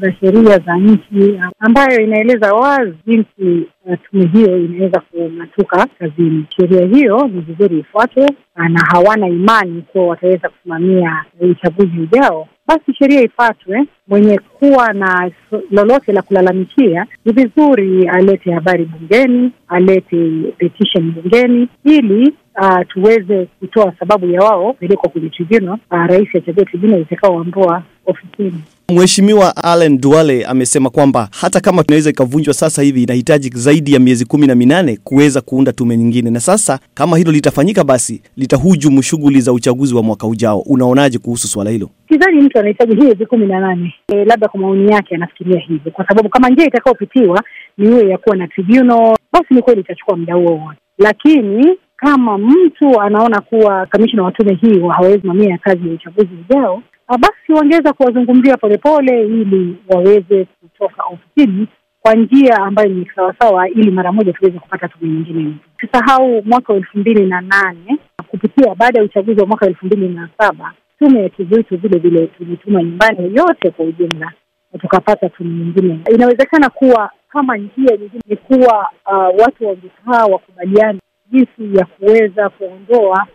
kuna sheria za nchi ambayo inaeleza wazi jinsi uh, tume hiyo inaweza kung'atuka kazini. Sheria hiyo ni vizuri ifuatwe, uh, na hawana imani kuwa wataweza kusimamia uchaguzi ujao, basi sheria ifuatwe. Mwenye kuwa na lolote la kulalamikia, ni vizuri alete habari bungeni, alete petition bungeni ili Uh, tuweze kutoa sababu ya wao pelekwa kwenye tribunal, uh, rais chagua tribunal itakaoambua ofisini. Mheshimiwa Allen Duale amesema kwamba hata kama tunaweza ikavunjwa sasa hivi, inahitaji zaidi ya miezi kumi na minane kuweza kuunda tume nyingine, na sasa kama hilo litafanyika, basi litahujumu shughuli za uchaguzi wa mwaka ujao. Unaonaje kuhusu swala hilo? Sidhani mtu anahitaji miezi kumi na nane. E, labda kwa maoni yake anafikiria hivyo, kwa sababu kama njia itakayopitiwa ni hiyo ya kuwa na tribunal, basi ni kweli itachukua muda huo wote, lakini kama mtu anaona kuwa kamishina wa tume hii hawawezi simamia kazi ya uchaguzi ujao, Ah, basi wangeweza kuwazungumzia polepole ili waweze kutoka ofisini kwa njia ambayo ni sawasawa, ili mara moja tuweze kupata tume nyingine. sisahau mwaka wa elfu mbili na nane kupitia baada ya uchaguzi wa mwaka elfu mbili na saba tume ya kizuitu vile vile tulituma nyumbani yote kwa ujumla na tukapata tume nyingine. Inawezekana kuwa kama njia nyingine ni kuwa uh, watu wangekaa wakubaliana jinsi ya kuweza kuondoa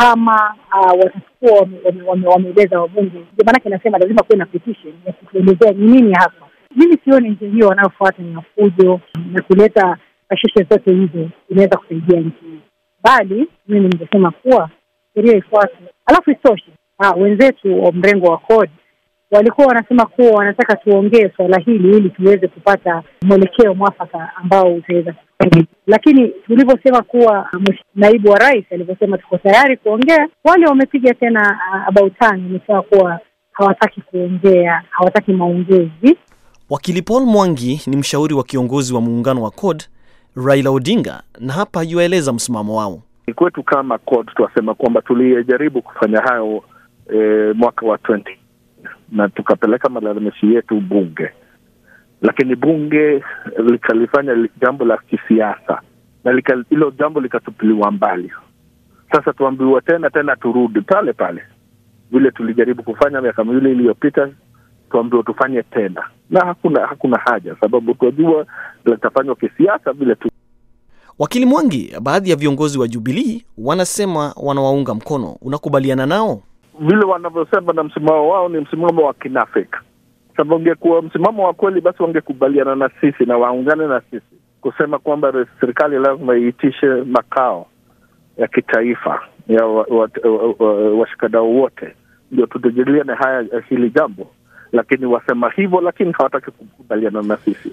kama uh, watakuwa wameeleza wabunge. Ndio maanake nasema lazima kuwe na petition ya kuelezea ni nini hapa. Mimi sioni njia hiyo wanayofuata ni ya na kuleta kashishe zote hizo inaweza kusaidia hii, bali mimi ningesema kuwa sheria ifuate, alafu isoshe ah, wenzetu wa mrengo wa kodi walikuwa wanasema kuwa wanataka tuongee swala hili ili tuweze kupata mwelekeo mwafaka ambao utaweza lakini tulivyosema kuwa naibu wa rais alivyosema tuko tayari kuongea, wale wamepiga tena uh, abautani wamesema kuwa hawataki kuongea, hawataki maongezi. Wakili Paul Mwangi ni mshauri wa kiongozi wa muungano wa CORD Raila Odinga, na hapa yuaeleza msimamo wao. Kwetu kama CORD kwamba tulijaribu kufanya hayo e, mwaka wa na tukapeleka malalamishi yetu bunge, lakini bunge likalifanya jambo la kisiasa na hilo jambo likatupiliwa mbali. Sasa tuambiwa tena tena turudi pale pale vile tulijaribu kufanya miaka miwili iliyopita, tuambiwa tufanye tena, na hakuna hakuna haja, sababu tunajua litafanywa kisiasa vile tu. Wakili Mwangi, baadhi ya viongozi wa Jubilii wanasema wanawaunga mkono, unakubaliana nao? vile wanavyosema na msimamo wao ni msimamo wa kinafrika Sababu ungekuwa msimamo wa kweli, basi wangekubaliana na sisi na waungane na sisi kusema kwamba serikali lazima iitishe makao ya kitaifa ya wa wote, ndio tutajadiliane haya hili jambo, lakini wasema hivyo, lakini hawataki kukubaliana na sisi.